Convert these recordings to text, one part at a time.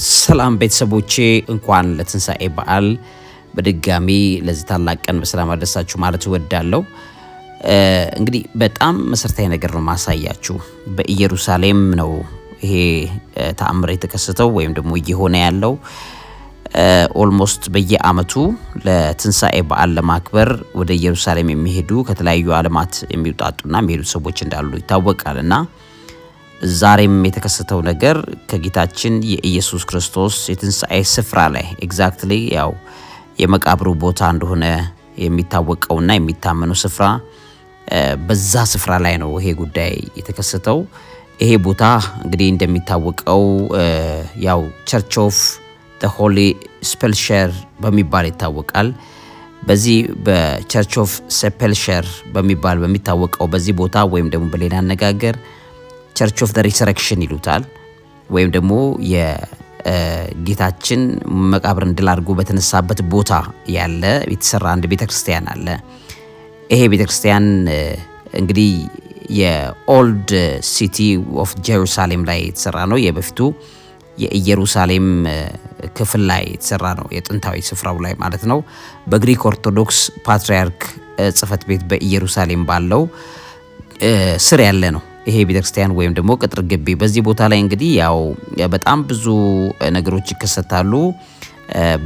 ሰላም ቤተሰቦቼ፣ እንኳን ለትንሣኤ በዓል በድጋሚ ለዚህ ታላቅ ቀን በሰላም አደረሳችሁ ማለት እወዳለሁ። እንግዲህ በጣም መሰረታዊ ነገር ነው ማሳያችሁ። በኢየሩሳሌም ነው ይሄ ተአምር የተከሰተው ወይም ደግሞ እየሆነ ያለው ኦልሞስት በየአመቱ ለትንሣኤ በዓል ለማክበር ወደ ኢየሩሳሌም የሚሄዱ ከተለያዩ ዓለማት የሚውጣጡና የሚሄዱ ሰዎች እንዳሉ ይታወቃል እና ዛሬም የተከሰተው ነገር ከጌታችን የኢየሱስ ክርስቶስ የትንሣኤ ስፍራ ላይ ኤግዛክትሊ ያው የመቃብሩ ቦታ እንደሆነ የሚታወቀውና የሚታመነው ስፍራ በዛ ስፍራ ላይ ነው ይሄ ጉዳይ የተከሰተው። ይሄ ቦታ እንግዲህ እንደሚታወቀው ያው ቸርች ኦፍ ሆሊ ስፔልሸር በሚባል ይታወቃል። በዚህ በቸርች ኦፍ ሴፔልሸር በሚባል በሚታወቀው በዚህ ቦታ ወይም ደግሞ በሌላ አነጋገር ቸርች ኦፍ ሪሰረክሽን ይሉታል። ወይም ደግሞ የጌታችን መቃብርን ድል አድርጎ በተነሳበት ቦታ ያለ የተሰራ አንድ ቤተክርስቲያን አለ። ይሄ ቤተክርስቲያን እንግዲህ የኦልድ ሲቲ ኦፍ ጀሩሳሌም ላይ የተሰራ ነው። የበፊቱ የኢየሩሳሌም ክፍል ላይ የተሰራ ነው። የጥንታዊ ስፍራው ላይ ማለት ነው። በግሪክ ኦርቶዶክስ ፓትርያርክ ጽህፈት ቤት በኢየሩሳሌም ባለው ስር ያለ ነው ይሄ ቤተክርስቲያን ወይም ደግሞ ቅጥር ግቢ። በዚህ ቦታ ላይ እንግዲህ ያው በጣም ብዙ ነገሮች ይከሰታሉ።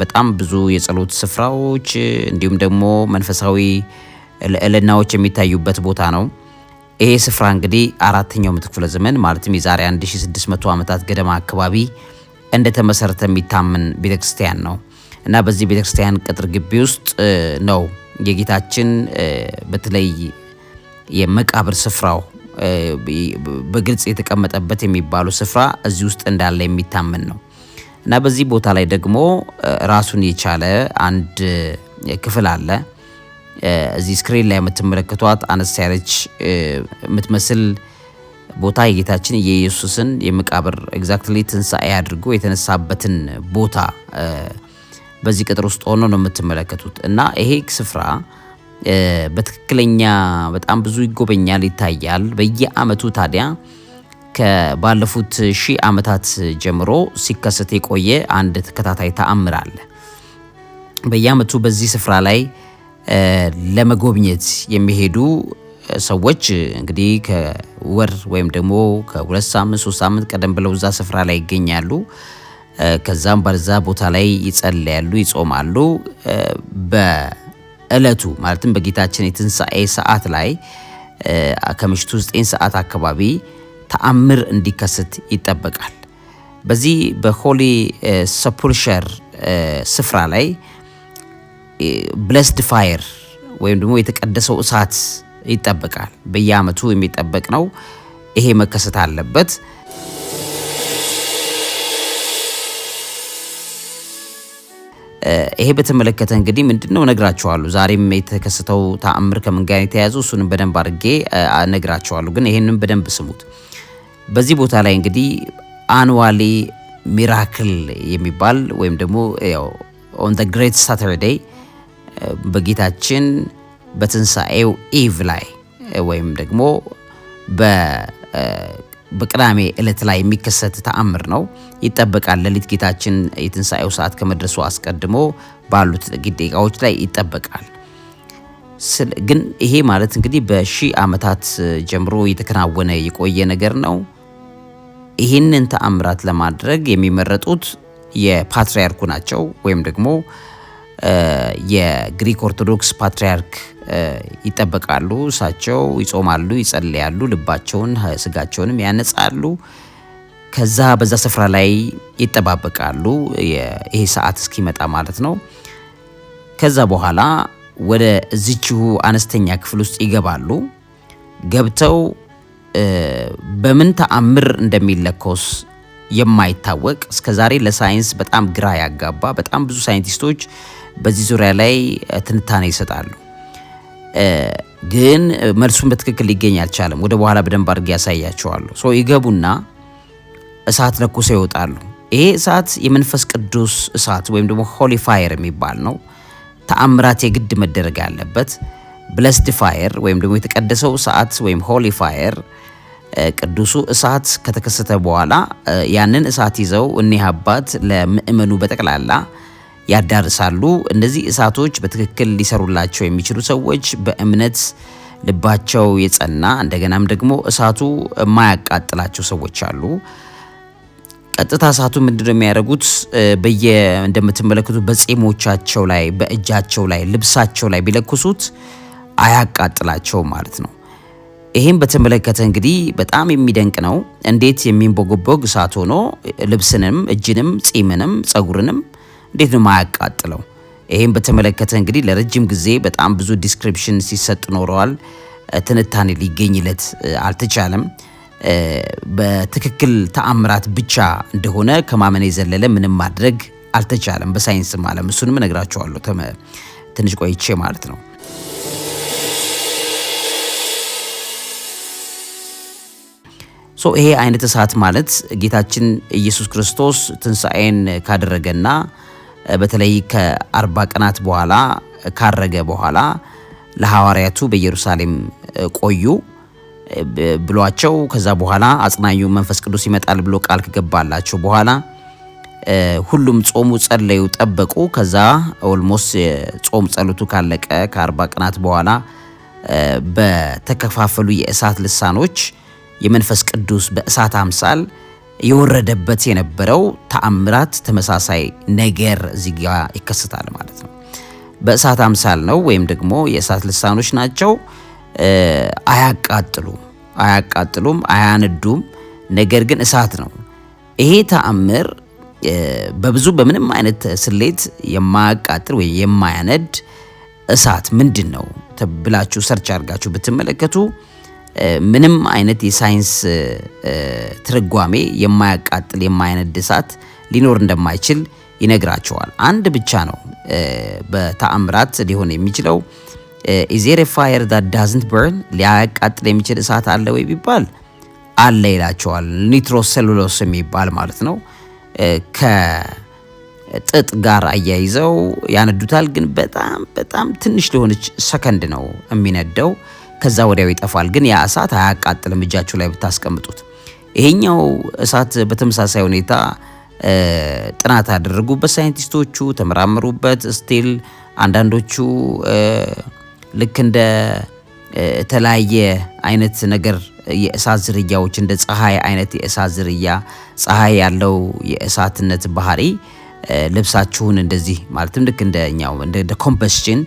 በጣም ብዙ የጸሎት ስፍራዎች እንዲሁም ደግሞ መንፈሳዊ ልዕልናዎች የሚታዩበት ቦታ ነው። ይሄ ስፍራ እንግዲህ አራተኛው ምዕተ ክፍለ ዘመን ማለትም የዛሬ 1600 ዓመታት ገደማ አካባቢ እንደተመሰረተ የሚታመን ቤተክርስቲያን ነው እና በዚህ ቤተክርስቲያን ቅጥር ግቢ ውስጥ ነው የጌታችን በተለይ የመቃብር ስፍራው በግልጽ የተቀመጠበት የሚባሉ ስፍራ እዚህ ውስጥ እንዳለ የሚታመን ነው እና በዚህ ቦታ ላይ ደግሞ ራሱን የቻለ አንድ ክፍል አለ። እዚህ ስክሪን ላይ የምትመለከቷት አነስ ያለች የምትመስል ቦታ የጌታችን የኢየሱስን የመቃብር ኤግዛክትሊ ትንሣኤ አድርጎ የተነሳበትን ቦታ በዚህ ቅጥር ውስጥ ሆኖ ነው የምትመለከቱት። እና ይሄ ስፍራ በትክክለኛ በጣም ብዙ ይጎበኛል፣ ይታያል። በየአመቱ ታዲያ ከባለፉት ሺህ ዓመታት ጀምሮ ሲከሰት የቆየ አንድ ተከታታይ ተአምር አለ። በየአመቱ በዚህ ስፍራ ላይ ለመጎብኘት የሚሄዱ ሰዎች እንግዲህ ከወር ወይም ደግሞ ከሁለት ሳምንት ሶስት ሳምንት ቀደም ብለው እዛ ስፍራ ላይ ይገኛሉ። ከዛም በዛ ቦታ ላይ ይጸለያሉ፣ ይጾማሉ። በእለቱ ማለትም በጌታችን የትንሣኤ ሰዓት ላይ ከምሽቱ 9 ሰዓት አካባቢ ተአምር እንዲከሰት ይጠበቃል። በዚህ በሆሊ ሰፑልሸር ስፍራ ላይ ብለስድ ፋየር ወይም ደግሞ የተቀደሰው እሳት ይጠበቃል። በየአመቱ የሚጠበቅ ነው። ይሄ መከሰት አለበት። ይሄ በተመለከተ እንግዲህ ምንድነው ነግራቸዋሉ። ዛሬም የተከሰተው ተአምር ከምን ጋር የተያያዙ እሱንም በደንብ አድርጌ ነግራቸዋሉ። ግን ይሄንም በደንብ ስሙት። በዚህ ቦታ ላይ እንግዲህ አንዋሌ ሚራክል የሚባል ወይም ደግሞ ኦን ግሬት ሳተርዴይ በጌታችን በትንሣኤው ኢቭ ላይ ወይም ደግሞ በቅዳሜ ዕለት ላይ የሚከሰት ተአምር ነው ይጠበቃል። ሌሊት ጌታችን የትንሣኤው ሰዓት ከመድረሱ አስቀድሞ ባሉት ግዴቃዎች ላይ ይጠበቃል። ግን ይሄ ማለት እንግዲህ በሺህ ዓመታት ጀምሮ የተከናወነ የቆየ ነገር ነው። ይህንን ተአምራት ለማድረግ የሚመረጡት የፓትርያርኩ ናቸው ወይም ደግሞ የግሪክ ኦርቶዶክስ ፓትሪያርክ ይጠበቃሉ። እሳቸው ይጾማሉ፣ ይጸልያሉ፣ ልባቸውን ስጋቸውንም ያነጻሉ። ከዛ በዛ ስፍራ ላይ ይጠባበቃሉ፣ ይሄ ሰዓት እስኪመጣ ማለት ነው። ከዛ በኋላ ወደ እዚችሁ አነስተኛ ክፍል ውስጥ ይገባሉ። ገብተው በምን ተአምር እንደሚለኮስ የማይታወቅ እስከዛሬ ለሳይንስ በጣም ግራ ያጋባ በጣም ብዙ ሳይንቲስቶች በዚህ ዙሪያ ላይ ትንታኔ ይሰጣሉ። ግን መልሱን በትክክል ሊገኝ አልቻለም። ወደ በኋላ በደንብ አድርጌ ያሳያቸዋሉ ይገቡና እሳት ለኩሰው ይወጣሉ። ይሄ እሳት የመንፈስ ቅዱስ እሳት ወይም ደግሞ ሆሊ ፋየር የሚባል ነው። ተአምራት የግድ መደረግ ያለበት ብለስድ ፋየር ወይም ደግሞ የተቀደሰው እሳት ወይም ሆሊ ፋየር ቅዱሱ እሳት ከተከሰተ በኋላ ያንን እሳት ይዘው እኒህ አባት ለምእመኑ በጠቅላላ ያዳርሳሉ። እነዚህ እሳቶች በትክክል ሊሰሩላቸው የሚችሉ ሰዎች በእምነት ልባቸው የጸና እንደገናም ደግሞ እሳቱ የማያቃጥላቸው ሰዎች አሉ። ቀጥታ እሳቱ ምንድነው የሚያደርጉት? በየ እንደምትመለከቱ በጺሞቻቸው ላይ በእጃቸው ላይ ልብሳቸው ላይ ቢለኩሱት አያቃጥላቸው ማለት ነው። ይህም በተመለከተ እንግዲህ በጣም የሚደንቅ ነው። እንዴት የሚንቦጎቦግ እሳት ሆኖ ልብስንም፣ እጅንም፣ ጺምንም፣ ጸጉርንም እንዴት ነው ማያቃጥለው? ይህም በተመለከተ እንግዲህ ለረጅም ጊዜ በጣም ብዙ ዲስክሪፕሽን ሲሰጥ ኖረዋል። ትንታኔ ሊገኝለት አልተቻለም። በትክክል ተአምራት ብቻ እንደሆነ ከማመን የዘለለ ምንም ማድረግ አልተቻለም። በሳይንስ ዓለም እሱንም እነግራቸዋለሁ ትንሽ ቆይቼ ማለት ነው። ሶ ይሄ አይነት እሳት ማለት ጌታችን ኢየሱስ ክርስቶስ ትንሣኤን ካደረገና በተለይ ከአርባ ቀናት በኋላ ካረገ በኋላ ለሐዋርያቱ በኢየሩሳሌም ቆዩ ብሏቸው ከዛ በኋላ አጽናኙ መንፈስ ቅዱስ ይመጣል ብሎ ቃል ከገባላቸው በኋላ ሁሉም ጾሙ፣ ጸለዩ፣ ጠበቁ። ከዛ ኦልሞስ ጾም ጸሎቱ ካለቀ ከአርባ ቀናት በኋላ በተከፋፈሉ የእሳት ልሳኖች የመንፈስ ቅዱስ በእሳት አምሳል የወረደበት የነበረው ተአምራት ተመሳሳይ ነገር እዚህ ጋ ይከሰታል ማለት ነው። በእሳት አምሳል ነው ወይም ደግሞ የእሳት ልሳኖች ናቸው። አያቃጥሉም አያቃጥሉም፣ አያነዱም። ነገር ግን እሳት ነው። ይሄ ተአምር በብዙ በምንም አይነት ስሌት የማያቃጥል ወይ የማያነድ እሳት ምንድን ነው ብላችሁ ሰርች አድርጋችሁ ብትመለከቱ ምንም አይነት የሳይንስ ትርጓሜ የማያቃጥል የማይነድ እሳት ሊኖር እንደማይችል ይነግራቸዋል። አንድ ብቻ ነው በተአምራት ሊሆን የሚችለው ኢዜር ፋየር ዳት ዳዝንት በርን ሊያቃጥል የሚችል እሳት አለ ወይ ቢባል አለ ይላቸዋል። ኒትሮሴሉሎስ የሚባል ማለት ነው። ከጥጥ ጋር አያይዘው ያነዱታል። ግን በጣም በጣም ትንሽ ሊሆነች ሰከንድ ነው የሚነደው። ከዛ ወዲያው ይጠፋል። ግን ያ እሳት አያቃጥልም እጃችሁ ላይ ብታስቀምጡት። ይሄኛው እሳት በተመሳሳይ ሁኔታ ጥናት አደረጉበት ሳይንቲስቶቹ ተመራመሩበት። ስቲል አንዳንዶቹ ልክ እንደ የተለያየ አይነት ነገር የእሳት ዝርያዎች እንደ ፀሐይ አይነት የእሳት ዝርያ ፀሐይ ያለው የእሳትነት ባህሪ ልብሳችሁን እንደዚህ ማለትም ልክ እንደኛው እንደ ኮምበስችን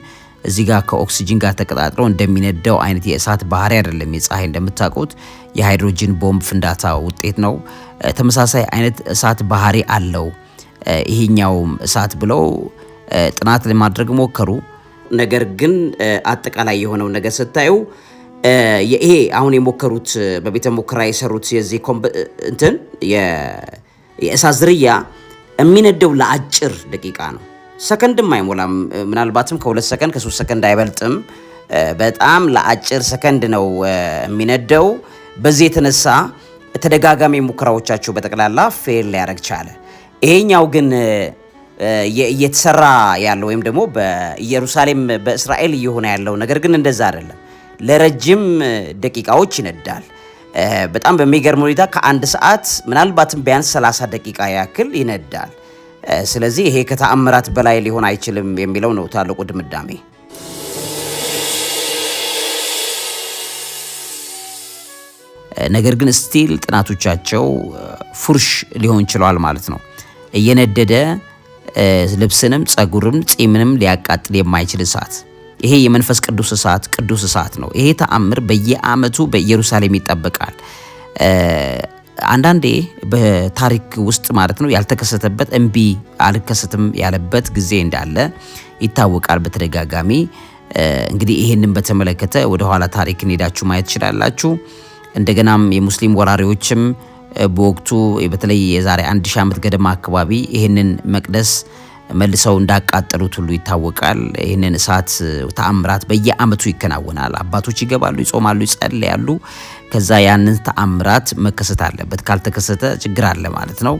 እዚህ ጋር ከኦክሲጅን ጋር ተቀጣጥሎ እንደሚነደው አይነት የእሳት ባህሪ አይደለም። የፀሐይ እንደምታውቁት የሃይድሮጅን ቦምብ ፍንዳታ ውጤት ነው። ተመሳሳይ አይነት እሳት ባህሪ አለው ይሄኛውም እሳት ብለው ጥናት ለማድረግ ሞከሩ። ነገር ግን አጠቃላይ የሆነው ነገር ስታዩ ይሄ አሁን የሞከሩት በቤተ ሙከራ የሰሩት የዚህ እንትን የእሳት ዝርያ የሚነደው ለአጭር ደቂቃ ነው። ሰከንድም አይሞላም። ምናልባትም ከሁለት ሰከንድ ከሶስት ሰከንድ አይበልጥም። በጣም ለአጭር ሰከንድ ነው የሚነደው። በዚህ የተነሳ ተደጋጋሚ ሙከራዎቻቸው በጠቅላላ ፌል ሊያደርግ ቻለ። ይሄኛው ግን እየተሰራ ያለው ወይም ደግሞ በኢየሩሳሌም በእስራኤል እየሆነ ያለው ነገር ግን እንደዛ አይደለም። ለረጅም ደቂቃዎች ይነዳል። በጣም በሚገርም ሁኔታ ከአንድ ሰዓት ምናልባትም ቢያንስ 30 ደቂቃ ያክል ይነዳል። ስለዚህ ይሄ ከተአምራት በላይ ሊሆን አይችልም የሚለው ነው ታላቁ ድምዳሜ። ነገር ግን ስቲል ጥናቶቻቸው ፉርሽ ሊሆን ችሏል ማለት ነው። እየነደደ ልብስንም ጸጉርም ጺምንም ሊያቃጥል የማይችል እሳት። ይሄ የመንፈስ ቅዱስ እሳት ቅዱስ እሳት ነው። ይሄ ተአምር በየአመቱ በኢየሩሳሌም ይጠበቃል። አንዳንዴ በታሪክ ውስጥ ማለት ነው ያልተከሰተበት እምቢ አልከሰትም ያለበት ጊዜ እንዳለ ይታወቃል በተደጋጋሚ። እንግዲህ ይህንን በተመለከተ ወደኋላ ታሪክ ታሪክን ሄዳችሁ ማየት ትችላላችሁ። እንደገናም የሙስሊም ወራሪዎችም በወቅቱ በተለይ የዛሬ አንድ ሺህ ዓመት ገደማ አካባቢ ይህንን መቅደስ መልሰው እንዳቃጠሉት ሁሉ ይታወቃል። ይህንን እሳት ተአምራት በየአመቱ ይከናወናል። አባቶች ይገባሉ፣ ይጾማሉ፣ ይጸልያሉ። ከዛ ያንን ተአምራት መከሰት አለበት። ካልተከሰተ ችግር አለ ማለት ነው።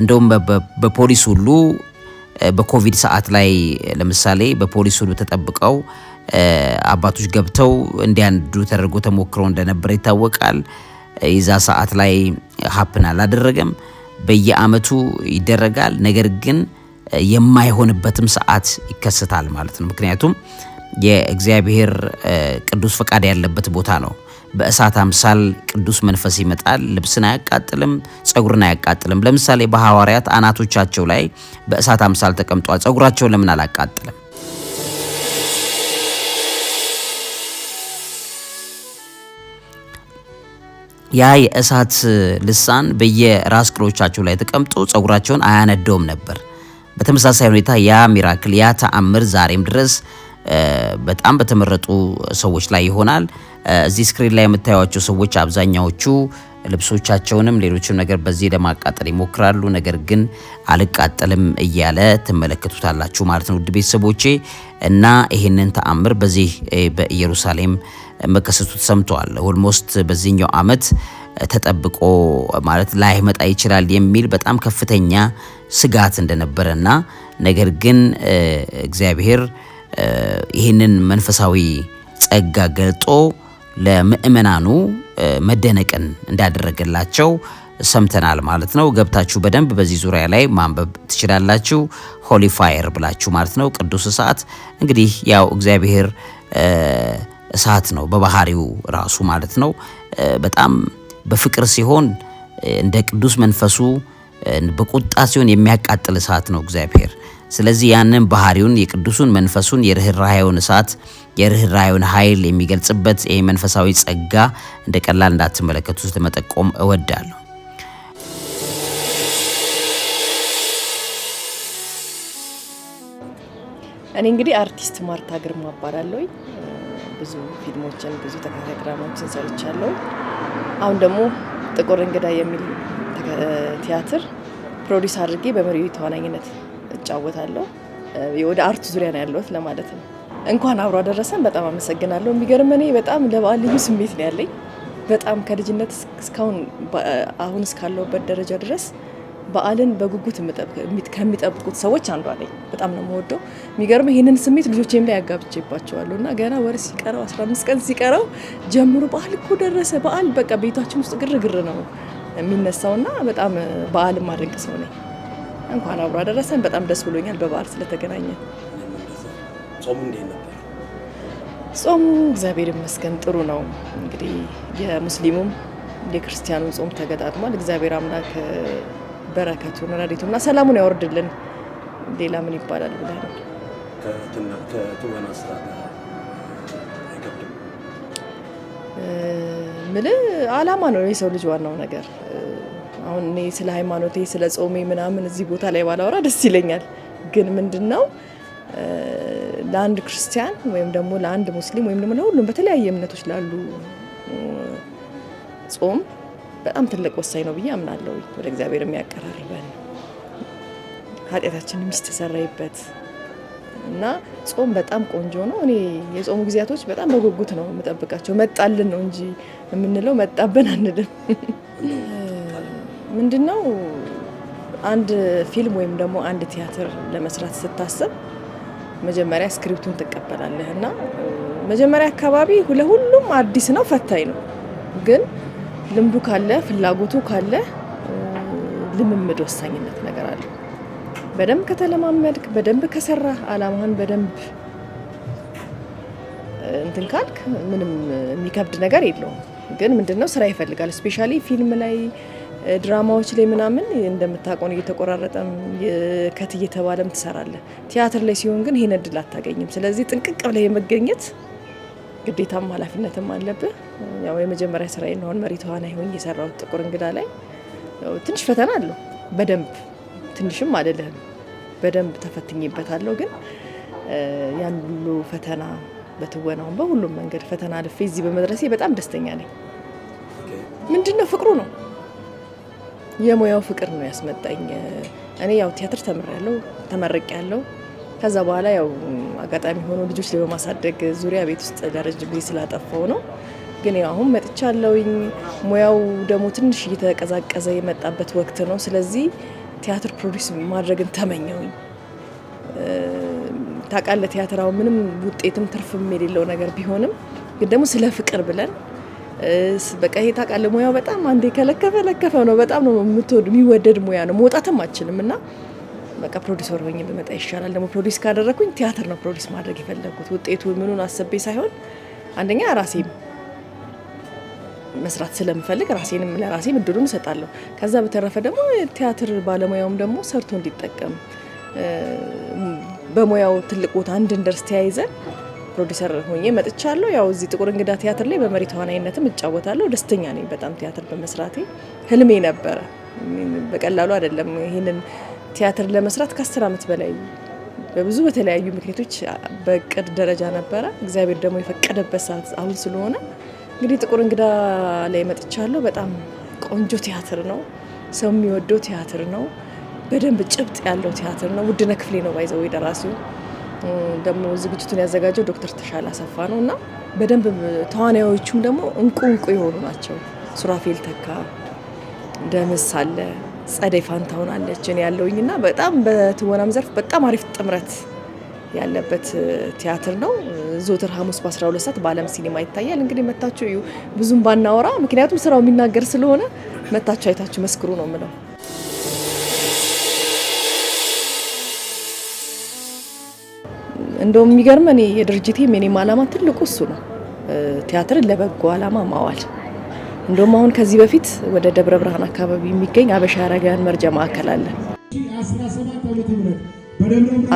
እንደውም በፖሊስ ሁሉ በኮቪድ ሰዓት ላይ ለምሳሌ በፖሊስ ሁሉ ተጠብቀው አባቶች ገብተው እንዲያንዱ ተደርጎ ተሞክሮ እንደነበረ ይታወቃል። የዛ ሰዓት ላይ ሀፕን አላደረገም። በየአመቱ ይደረጋል። ነገር ግን የማይሆንበትም ሰዓት ይከሰታል ማለት ነው። ምክንያቱም የእግዚአብሔር ቅዱስ ፈቃድ ያለበት ቦታ ነው። በእሳት አምሳል ቅዱስ መንፈስ ይመጣል። ልብስን አያቃጥልም፣ ጸጉርን አያቃጥልም። ለምሳሌ በሐዋርያት አናቶቻቸው ላይ በእሳት አምሳል ተቀምጧል። ጸጉራቸው ለምን አላቃጥልም? ያ የእሳት ልሳን በየራስ ቅሎቻቸው ላይ ተቀምጦ ጸጉራቸውን አያነደውም ነበር። በተመሳሳይ ሁኔታ ያ ሚራክል ያ ተአምር ዛሬም ድረስ በጣም በተመረጡ ሰዎች ላይ ይሆናል። እዚህ ስክሪን ላይ የምታዩቸው ሰዎች አብዛኛዎቹ ልብሶቻቸውንም ሌሎችም ነገር በዚህ ለማቃጠል ይሞክራሉ። ነገር ግን አልቃጠልም እያለ ትመለከቱታላችሁ ማለት ነው ውድ ቤተሰቦቼ እና ይህንን ተአምር በዚህ በኢየሩሳሌም መከሰቱ ተሰምተዋል። ኦልሞስት በዚህኛው ዓመት ተጠብቆ ማለት ላይመጣ ይችላል የሚል በጣም ከፍተኛ ስጋት እንደነበረና ነገር ግን እግዚአብሔር ይህንን መንፈሳዊ ጸጋ ገልጦ ለምእመናኑ መደነቅን እንዳደረገላቸው ሰምተናል ማለት ነው። ገብታችሁ በደንብ በዚህ ዙሪያ ላይ ማንበብ ትችላላችሁ። ሆሊ ፋየር ብላችሁ ማለት ነው። ቅዱስ እሳት እንግዲህ ያው እግዚአብሔር እሳት ነው በባህሪው ራሱ ማለት ነው። በጣም በፍቅር ሲሆን እንደ ቅዱስ መንፈሱ፣ በቁጣ ሲሆን የሚያቃጥል እሳት ነው እግዚአብሔር። ስለዚህ ያንን ባህሪውን የቅዱሱን መንፈሱን የርኅራኄውን እሳት የርኅራኄውን ኃይል የሚገልጽበት ይህ መንፈሳዊ ጸጋ እንደ ቀላል እንዳትመለከቱት ለመጠቆም እወዳለሁ። እኔ እንግዲህ አርቲስት ማርታ ግርማ እባላለሁ። ብዙ ፊልሞችን ብዙ ተከታታይ ድራማዎችን ሰርቻለሁ። አሁን ደግሞ ጥቁር እንግዳ የሚል ቲያትር ፕሮዲስ አድርጌ በመሪ ተዋናኝነት እጫወታለሁ። ወደ አርቱ ዙሪያ ነው ያለሁት ለማለት ነው። እንኳን አብሮ አደረሰን። በጣም አመሰግናለሁ። የሚገርም እኔ በጣም ለበዓል ልዩ ስሜት ነው ያለኝ። በጣም ከልጅነት እስካሁን አሁን እስካለሁበት ደረጃ ድረስ በዓልን በጉጉት ከሚጠብቁት ሰዎች አንዷ ነኝ። በጣም ነው የምወደው። የሚገርም ይህንን ስሜት ልጆቼም ላይ ያጋብቼባቸዋለሁ እና ገና ወር ሲቀረው 15 ቀን ሲቀረው ጀምሮ በዓል እኮ ደረሰ፣ በዓል በቃ ቤታችን ውስጥ ግርግር ነው የሚነሳው እና በጣም በዓል ማድረግ ሰው ነኝ። እንኳን አብሮ አደረሰን። በጣም ደስ ብሎኛል በበዓል ስለተገናኘ ጾሙ እንዴት ነበር? ጾሙ እግዚአብሔር ይመስገን ጥሩ ነው። እንግዲህ የሙስሊሙም የክርስቲያኑም ጾም ተገጣጥሟል። እግዚአብሔር አምላክ በረከቱን ረድኤቱን እና ሰላሙን ያወርድልን። ሌላ ምን ይባላል ብለህ ነው ከትወና ስራ ምል አላማ ነው የሰው ልጅ ዋናው ነገር። አሁን እኔ ስለ ሃይማኖቴ ስለ ጾሜ ምናምን እዚህ ቦታ ላይ ባላወራ ደስ ይለኛል። ግን ምንድን ነው ለአንድ ክርስቲያን ወይም ደግሞ ለአንድ ሙስሊም ወይም ደግሞ ለሁሉም በተለያየ እምነቶች ላሉ ጾም በጣም ትልቅ ወሳኝ ነው ብዬ አምናለሁ። ወደ እግዚአብሔር የሚያቀራርበን ኃጢአታችን የሚስተሰረይበት እና ጾም በጣም ቆንጆ ነው። እኔ የጾሙ ጊዜያቶች በጣም በጉጉት ነው የምጠብቃቸው። መጣልን ነው እንጂ የምንለው መጣብን አንልም። ምንድነው አንድ ፊልም ወይም ደግሞ አንድ ቲያትር ለመስራት ስታስብ መጀመሪያ ስክሪፕቱን ትቀበላለህ እና መጀመሪያ አካባቢ ለሁሉም አዲስ ነው፣ ፈታኝ ነው። ግን ልምዱ ካለ ፍላጎቱ ካለ ልምምድ ወሳኝነት ነገር አለ። በደንብ ከተለማመድክ፣ በደንብ ከሰራ፣ አላማህን በደንብ እንትን ካልክ ምንም የሚከብድ ነገር የለውም። ግን ምንድነው ስራ ይፈልጋል። ስፔሻሊ ፊልም ላይ ድራማዎች ላይ ምናምን እንደምታቆን እየተቆራረጠም ከት እየተባለም ትሰራለ። ቲያትር ላይ ሲሆን ግን ይሄን እድል አታገኝም። ስለዚህ ጥንቅቅ ብለህ የመገኘት ግዴታም ኃላፊነትም አለብህ። ያው የመጀመሪያ ስራ ነሆን መሪ ተዋናይ ሆኜ የሰራሁት ጥቁር እንግዳ ላይ ትንሽ ፈተና አለው። በደንብ ትንሽም አይደለም በደንብ ተፈትኜበታለሁ። ግን ያን ሁሉ ፈተና በትወናውን በሁሉም መንገድ ፈተና አልፌ እዚህ በመድረሴ በጣም ደስተኛ ነኝ። ምንድነው ፍቅሩ ነው የሙያው ፍቅር ነው ያስመጣኝ። እኔ ያው ቲያትር ተምሬያለሁ ተመርቄያለሁ። ከዛ በኋላ ያው አጋጣሚ ሆኖ ልጆች ላይ በማሳደግ ዙሪያ ቤት ውስጥ ለረጅም ጊዜ ስላጠፋው ነው። ግን ያው አሁን መጥቻለሁኝ። ሙያው ደግሞ ትንሽ እየተቀዛቀዘ የመጣበት ወቅት ነው። ስለዚህ ቲያትር ፕሮዲስ ማድረግን ተመኘውኝ። ታውቃለህ ቲያትራው ምንም ውጤትም ትርፍም የሌለው ነገር ቢሆንም ግን ደግሞ ስለ ፍቅር ብለን በቃ ይሄ ታውቃለህ፣ ሙያው በጣም አንዴ ከለከፈ ለከፈ ነው። በጣም ነው የምትወድ የሚወደድ ሙያ ነው። መውጣትም አችልም እና በቃ ፕሮዲሰር ሆኜ ብመጣ ይሻላል። ደግሞ ፕሮዲስ ካደረግኩኝ ቲያትር ነው ፕሮዲስ ማድረግ የፈለግኩት። ውጤቱ ምኑን አሰቤ ሳይሆን አንደኛ ራሴም መስራት ስለምፈልግ ራሴንም ለራሴም እድሉን እሰጣለሁ። ከዛ በተረፈ ደግሞ ቲያትር ባለሙያውም ደግሞ ሰርቶ እንዲጠቀም በሙያው ትልቅ ቦታ እንድንደርስ ተያይዘን ፕሮዲሰር ሆኜ መጥቻለሁ። ያው እዚህ ጥቁር እንግዳ ቲያትር ላይ በመሪ ተዋናይነትም እጫወታለሁ። ደስተኛ ነኝ በጣም ቲያትር በመስራቴ። ህልሜ ነበረ፣ በቀላሉ አይደለም። ይህንን ቲያትር ለመስራት ከአስር ዓመት በላይ በብዙ በተለያዩ ምክንያቶች በእቅድ ደረጃ ነበረ። እግዚአብሔር ደግሞ የፈቀደበት ሰዓት አሁን ስለሆነ እንግዲህ ጥቁር እንግዳ ላይ መጥቻለሁ። በጣም ቆንጆ ቲያትር ነው። ሰው የሚወደው ቲያትር ነው። በደንብ ጭብጥ ያለው ቲያትር ነው። ውድነ ክፍሌ ነው ባይዘው ደራሲው። ደግሞ ዝግጅቱን ያዘጋጀው ዶክተር ተሻለ አሰፋ ነው እና በደንብ ተዋናዮቹም ደግሞ እንቁ እንቁ የሆኑ ናቸው። ሱራፌል ተካ፣ ደምስ አለ፣ ጸደይ ፋንታሁን አለች፣ እኔ ያለውኝ እና በጣም በትወናም ዘርፍ በጣም አሪፍ ጥምረት ያለበት ቲያትር ነው። ዞትር ሐሙስ በ12 ሰዓት በዓለም ሲኒማ ይታያል። እንግዲህ መታችሁ ብዙም ባናወራ፣ ምክንያቱም ስራው የሚናገር ስለሆነ መታችሁ አይታችሁ መስክሩ ነው ምለው። እንደውም የሚገርም እኔ የድርጅቴ የኔም አላማ ትልቁ እሱ ነው፣ ቲያትርን ለበጎ አላማ ማዋል። እንደውም አሁን ከዚህ በፊት ወደ ደብረ ብርሃን አካባቢ የሚገኝ አበሻ አረጋውያን መርጃ ማዕከል አለ።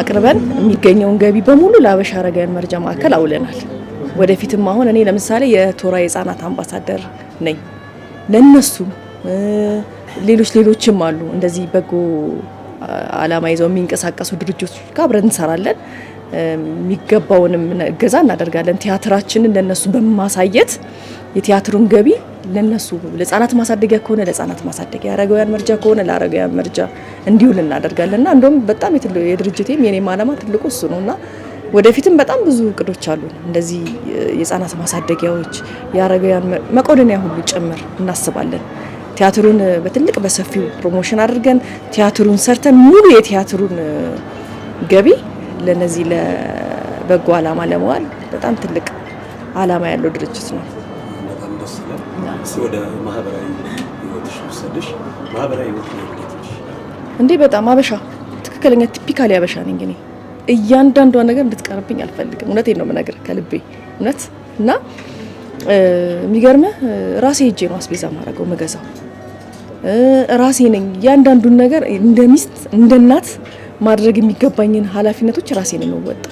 አቅርበን የሚገኘውን ገቢ በሙሉ ለአበሻ አረጋውያን መርጃ ማዕከል አውለናል። ወደፊትም አሁን እኔ ለምሳሌ የቶራ የህፃናት አምባሳደር ነኝ። ለነሱም ሌሎች ሌሎችም አሉ እንደዚህ በጎ አላማ ይዘው የሚንቀሳቀሱ ድርጅቶች ጋር አብረን እንሰራለን። የሚገባውንም እገዛ እናደርጋለን። ቲያትራችንን ለነሱ በማሳየት የቲያትሩን ገቢ ለነሱ ለህጻናት ማሳደጊያ ከሆነ ለህጻናት ማሳደጊያ፣ አረጋውያን መርጃ ከሆነ ለአረጋውያን መርጃ እንዲውል እናደርጋለን እና እንደውም በጣም የድርጅቴም የኔም ዓላማ ትልቁ እሱ ነው እና ወደፊትም በጣም ብዙ እቅዶች አሉ። እንደዚህ የህጻናት ማሳደጊያዎች፣ የአረጋውያን መቆደኒያ ሁሉ ጭምር እናስባለን። ቲያትሩን በትልቅ በሰፊው ፕሮሞሽን አድርገን ቲያትሩን ሰርተን ሙሉ የቲያትሩን ገቢ ለነዚህ ለበጎ አላማ ለመዋል በጣም ትልቅ አላማ ያለው ድርጅት ነው። በጣም ወደ ማህበራዊ ህይወትሽ ውሰድሽ። ማህበራዊ ህይወት እንዴ በጣም አበሻ ትክክለኛ ቲፒካል አበሻ ነኝ እኔ። እያንዳንዷ ነገር እንድትቀርብኝ አልፈልግም። እውነቴን ነው የምነግርህ ከልቤ እውነት እና የሚገርምህ ራሴ ሄጄ ነው አስቤዛ ማድረገው መገዛው ራሴ ነኝ። እያንዳንዱን ነገር እንደ ሚስት እንደ እናት ማድረግ የሚገባኝን ኃላፊነቶች ራሴን ወጣ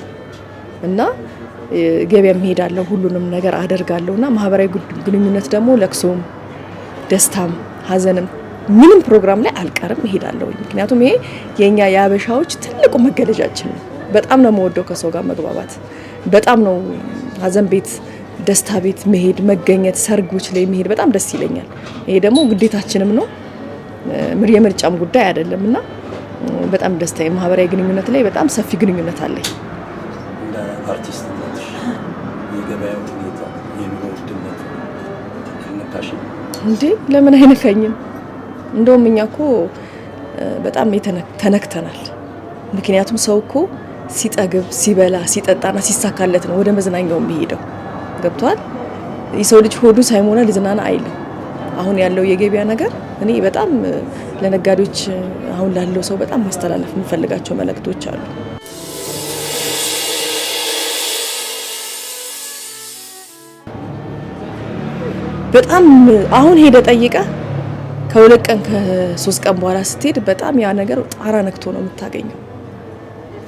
እና ገበያም ሄዳለሁ፣ ሁሉንም ነገር አደርጋለሁ እና ማህበራዊ ግንኙነት ደግሞ ለቅሶም፣ ደስታም፣ ሀዘንም ምንም ፕሮግራም ላይ አልቀርም እሄዳለሁ። ምክንያቱም ይሄ የእኛ የአበሻዎች ትልቁ መገለጫችን ነው። በጣም ነው የምወደው ከሰው ጋር መግባባት። በጣም ነው ሀዘን ቤት፣ ደስታ ቤት መሄድ፣ መገኘት፣ ሰርጎች ላይ መሄድ በጣም ደስ ይለኛል። ይሄ ደግሞ ግዴታችንም ነው፣ የምርጫም ጉዳይ አይደለም እና በጣም ደስታ ማህበራዊ ግንኙነት ላይ በጣም ሰፊ ግንኙነት አለኝ። እንደ አርቲስትነት ሁኔታ፣ የኑሮ ውድነት እንዴ? ለምን አይነካኝም? እንደውም እኛ እኮ በጣም ተነክተናል። ምክንያቱም ሰው እኮ ሲጠግብ ሲበላ ሲጠጣና ሲሳካለት ነው ወደ መዝናኛው የሚሄደው። ገብቷል። የሰው ልጅ ሆዱ ሳይሞላ ልዝናና አይልም። አሁን ያለው የገበያ ነገር እኔ በጣም ለነጋዴዎች አሁን ላለው ሰው በጣም ማስተላለፍ የምንፈልጋቸው መልእክቶች አሉ። በጣም አሁን ሄደ ጠይቀ ከሁለት ቀን ከሶስት ቀን በኋላ ስትሄድ በጣም ያ ነገር ጣራ ነክቶ ነው የምታገኘው።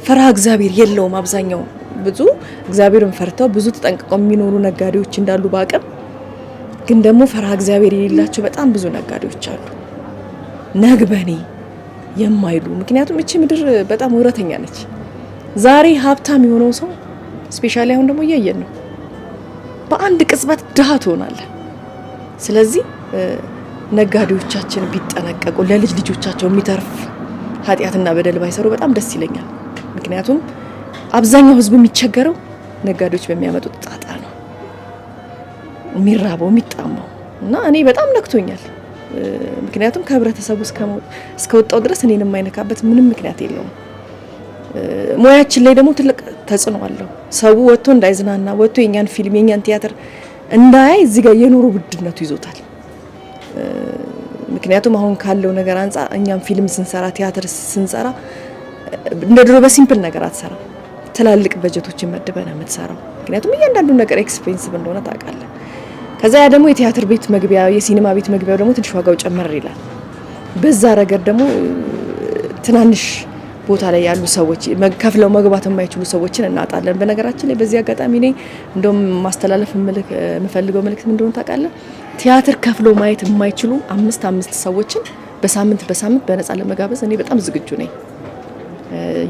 ፈርሃ እግዚአብሔር የለውም። አብዛኛው ብዙ እግዚአብሔርን ፈርተው ብዙ ተጠንቅቀው የሚኖሩ ነጋዴዎች እንዳሉ በአቅም ግን ደግሞ ፈርሃ እግዚአብሔር የሌላቸው በጣም ብዙ ነጋዴዎች አሉ። ነግበኔ የማይሉ ምክንያቱም እቺ ምድር በጣም ውረተኛ ነች። ዛሬ ሀብታም የሆነው ሰው ስፔሻሊ አሁን ደግሞ እያየን ነው፣ በአንድ ቅጽበት ድሃ ትሆናለህ። ስለዚህ ነጋዴዎቻችን ቢጠነቀቁ ለልጅ ልጆቻቸው የሚተርፍ ኃጢአትና በደል ባይሰሩ በጣም ደስ ይለኛል። ምክንያቱም አብዛኛው ህዝቡ የሚቸገረው ነጋዴዎች በሚያመጡት ጣጣ ነው የሚራበው የሚጣማው እና እኔ በጣም ነክቶኛል። ምክንያቱም ከህብረተሰቡ እስከወጣው ድረስ እኔን የማይነካበት ምንም ምክንያት የለውም። ሙያችን ላይ ደግሞ ትልቅ ተጽዕኖ አለው። ሰው ወጥቶ እንዳይዝናና ወጥቶ የኛን ፊልም የኛን ቲያትር እንዳያይ እዚህ ጋር የኑሮ ውድነቱ ይዞታል። ምክንያቱም አሁን ካለው ነገር አንጻር እኛም ፊልም ስንሰራ ቲያትር ስንሰራ እንደ ድሮ በሲምፕል ነገር አትሰራ፣ ትላልቅ በጀቶች መድበን የምትሰራው ምክንያቱም እያንዳንዱ ነገር ኤክስፔንሲቭ እንደሆነ ታውቃለህ። ከዛ ያ ደግሞ የቲያትር ቤት መግቢያ የሲኒማ ቤት መግቢያው ደግሞ ትንሽ ዋጋው ጨመር ይላል። በዛ ረገድ ደግሞ ትናንሽ ቦታ ላይ ያሉ ሰዎች ከፍለው መግባት የማይችሉ ሰዎችን እናጣለን። በነገራችን ላይ በዚህ አጋጣሚ እኔ እንደውም ማስተላለፍ የምፈልገው መልእክት እንደሆነ ታውቃለህ? ቲያትር ከፍለው ማየት የማይችሉ አምስት አምስት ሰዎችን በሳምንት በሳምንት በነፃ ለመጋበዝ እኔ በጣም ዝግጁ ነኝ።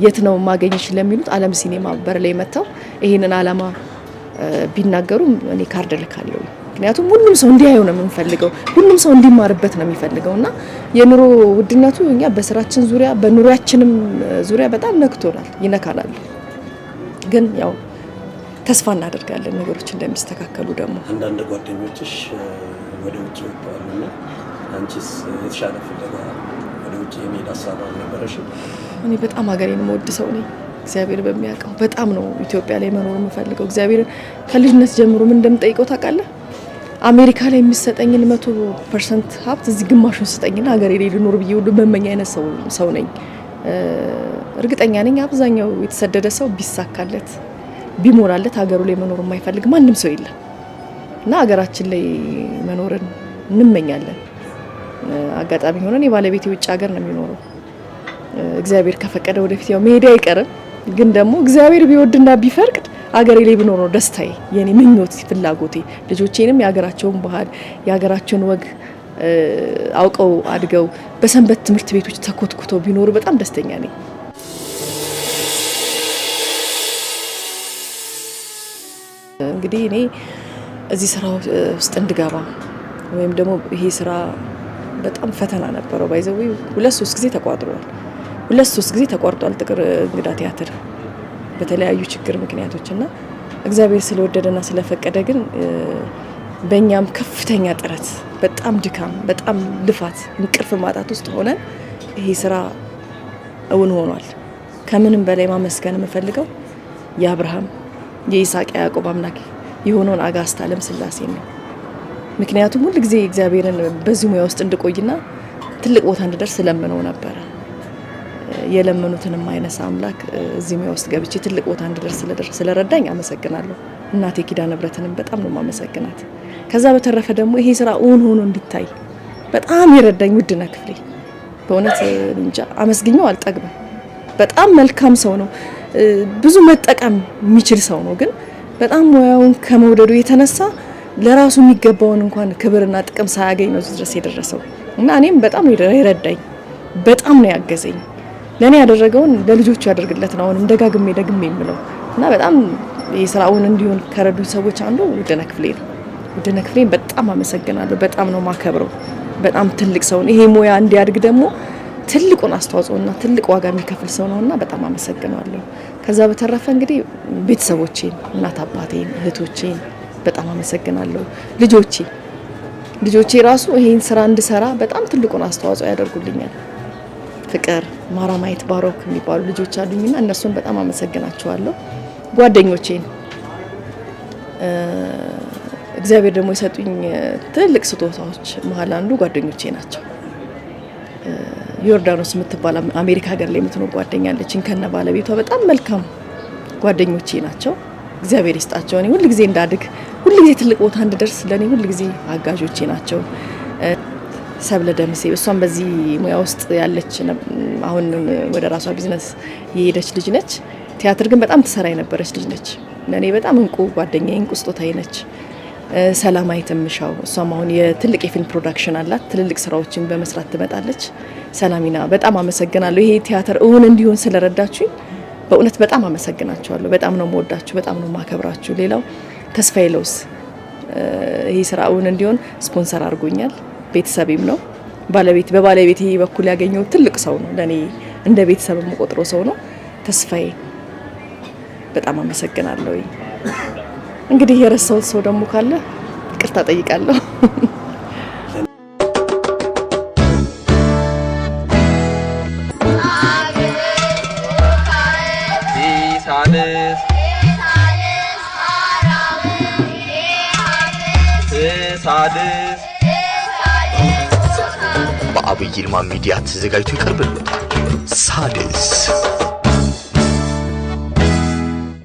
የት ነው ማገኘሽ ለሚሉት አለም ሲኔማ በር ላይ መጥተው ይህንን አላማ ቢናገሩ እኔ ካርድ ልካለሁ። ምክንያቱም ሁሉም ሰው እንዲያየው ነው የምንፈልገው፣ ሁሉም ሰው እንዲማርበት ነው የሚፈልገው እና የኑሮ ውድነቱ እኛ በስራችን ዙሪያ በኑሪያችንም ዙሪያ በጣም ነክቶናል፣ ይነካናል። ግን ያው ተስፋ እናደርጋለን ነገሮች እንደሚስተካከሉ ደግሞ አንዳንድ ጓደኞችሽ ወደ ውጭ ወጥተዋልና አንቺስ የተሻለ ፍለጋ ወደ ውጭ የሚሄድ ሀሳብ አልነበረሽም? እኔ በጣም ሀገሬን የምወድ ሰው ነኝ። እግዚአብሔር በሚያውቀው በጣም ነው ኢትዮጵያ ላይ መኖር የምፈልገው። እግዚአብሔር ከልጅነት ጀምሮ ምን እንደምጠይቀው ታውቃለህ? አሜሪካ ላይ የሚሰጠኝን መቶ ፐርሰንት ሀብት እዚህ ግማሹን ስጠኝና ሀገሬ ላይ ልኖር ብዬ ሁሉ መመኝ አይነት ሰው ነኝ። እርግጠኛ ነኝ አብዛኛው የተሰደደ ሰው ቢሳካለት ቢሞላለት ሀገሩ ላይ መኖር የማይፈልግ ማንም ሰው የለም እና ሀገራችን ላይ መኖርን እንመኛለን። አጋጣሚ ሆነን የባለቤት የውጭ ሀገር ነው የሚኖረው። እግዚአብሔር ከፈቀደ ወደፊት ያው መሄድ አይቀርም፣ ግን ደግሞ እግዚአብሔር ቢወድና ቢፈቅድ አገሬ ላይ ብኖር ነው ደስታዬ፣ የኔ ምኞት፣ ፍላጎቴ ልጆቼንም የሀገራቸውን ባህል የሀገራቸውን ወግ አውቀው አድገው በሰንበት ትምህርት ቤቶች ተኮትኩተው ቢኖሩ በጣም ደስተኛ ነኝ። እንግዲህ እኔ እዚህ ስራ ውስጥ እንድገባ ወይም ደግሞ ይሄ ስራ በጣም ፈተና ነበረው። ባይዘዊ ሁለት ሶስት ጊዜ ተቋርጧል። ሁለት ሶስት ጊዜ ተቋርጧል። ጥቁር እንግዳ ቲያትር በተለያዩ ችግር ምክንያቶች እና እግዚአብሔር ስለወደደና ስለፈቀደ ግን በእኛም ከፍተኛ ጥረት፣ በጣም ድካም፣ በጣም ልፋት፣ እንቅልፍ ማጣት ውስጥ ሆነን ይሄ ስራ እውን ሆኗል። ከምንም በላይ ማመስገን የምፈልገው የአብርሃም የይስሐቅ ያዕቆብ አምላክ የሆነውን አጋዕዝተ ዓለም ስላሴ ነው። ምክንያቱም ሁልጊዜ እግዚአብሔርን በዚህ ሙያ ውስጥ እንድቆይና ትልቅ ቦታ እንድደርስ ለምነው ነበረ። የለመኑትንም አይነሳ አምላክ እዚህ ሙያ ውስጥ ገብቼ ትልቅ ቦታ እንድደርስ ስለረዳኝ አመሰግናለሁ። እናቴ ኪዳነ ምሕረትንም በጣም ነው ማመሰግናት። ከዛ በተረፈ ደግሞ ይሄ ስራ እውን ሆኖ እንዲታይ በጣም የረዳኝ ውድነህ ክፍሌ በእውነት እንጃ አመስግኘው አልጠግብም። በጣም መልካም ሰው ነው፣ ብዙ መጠቀም የሚችል ሰው ነው። ግን በጣም ሙያውን ከመውደዱ የተነሳ ለራሱ የሚገባውን እንኳን ክብርና ጥቅም ሳያገኝ ነው እዚህ ድረስ የደረሰው እና እኔም በጣም የረዳኝ በጣም ነው ያገዘኝ። ለእኔ ያደረገውን ለልጆቹ ያደርግለት ነው። አሁንም ደጋግሜ ደግሜ የምለው እና በጣም የስራውን እንዲሆን ከረዱ ሰዎች አንዱ ውድነህ ክፍሌ ነው። ውድነህ ክፍሌን በጣም አመሰግናለሁ። በጣም ነው ማከብረው። በጣም ትልቅ ሰው ነው። ይሄ ሙያ እንዲያድግ ደግሞ ትልቁን አስተዋጽኦና ትልቅ ዋጋ የሚከፍል ሰው ነውና በጣም አመሰግናለሁ። ከዛ በተረፈ እንግዲህ ቤተሰቦቼን፣ እናት አባቴን፣ እህቶቼን በጣም አመሰግናለሁ። ልጆቼ ልጆቼ ራሱ ይሄን ስራ እንድሰራ በጣም ትልቁን አስተዋጽኦ ያደርጉልኛል። ፍቅር፣ ማራማየት፣ ባሮክ የሚባሉ ልጆች አሉኝና እነሱን በጣም አመሰግናቸዋለሁ። ጓደኞቼን እግዚአብሔር ደግሞ የሰጡኝ ትልቅ ስጦታዎች መሀል አንዱ ጓደኞቼ ናቸው። ዮርዳኖስ የምትባል አሜሪካ ሀገር ላይ የምትኖር ጓደኛ አለችኝ ከነ ባለቤቷ። በጣም መልካም ጓደኞቼ ናቸው። እግዚአብሔር ይስጣቸው። እኔ ሁልጊዜ እንዳድግ፣ ሁልጊዜ ትልቅ ቦታ እንድደርስ ለእኔ ሁልጊዜ አጋዦቼ ናቸው። ሰብለ ደምሴ እሷም በዚህ ሙያ ውስጥ ያለች አሁን ወደ ራሷ ቢዝነስ የሄደች ልጅ ነች። ቲያትር ግን በጣም ትሰራ የነበረች ልጅ ነች። ለእኔ በጣም እንቁ ጓደኛ፣ እንቁ ስጦታዬ ነች። ሰላም አይተምሻው እሷም አሁን የትልቅ የፊልም ፕሮዳክሽን አላት። ትልልቅ ስራዎችን በመስራት ትመጣለች። ሰላሚና በጣም አመሰግናለሁ። ይሄ ቲያትር እውን እንዲሆን ስለረዳችሁኝ በእውነት በጣም አመሰግናችኋለሁ። በጣም ነው መወዳችሁ በጣም ነው ማከብራችሁ ሌላው ተስፋዬ ለውስ ይህ ስራ እውን እንዲሆን ስፖንሰር አድርጎኛል። ቤተሰቤም ነው። ባለቤት በባለቤቴ በኩል ያገኘው ትልቅ ሰው ነው። ለእኔ እንደ ቤተሰብ መቆጥሮ ሰው ነው ተስፋዬ። በጣም አመሰግናለሁ። እንግዲህ የረሳሁት ሰው ደግሞ ካለ ይቅርታ ጠይቃለሁ። በሚዲያ ተዘጋጅቶ ይቀርብልዎታል። ሳድስ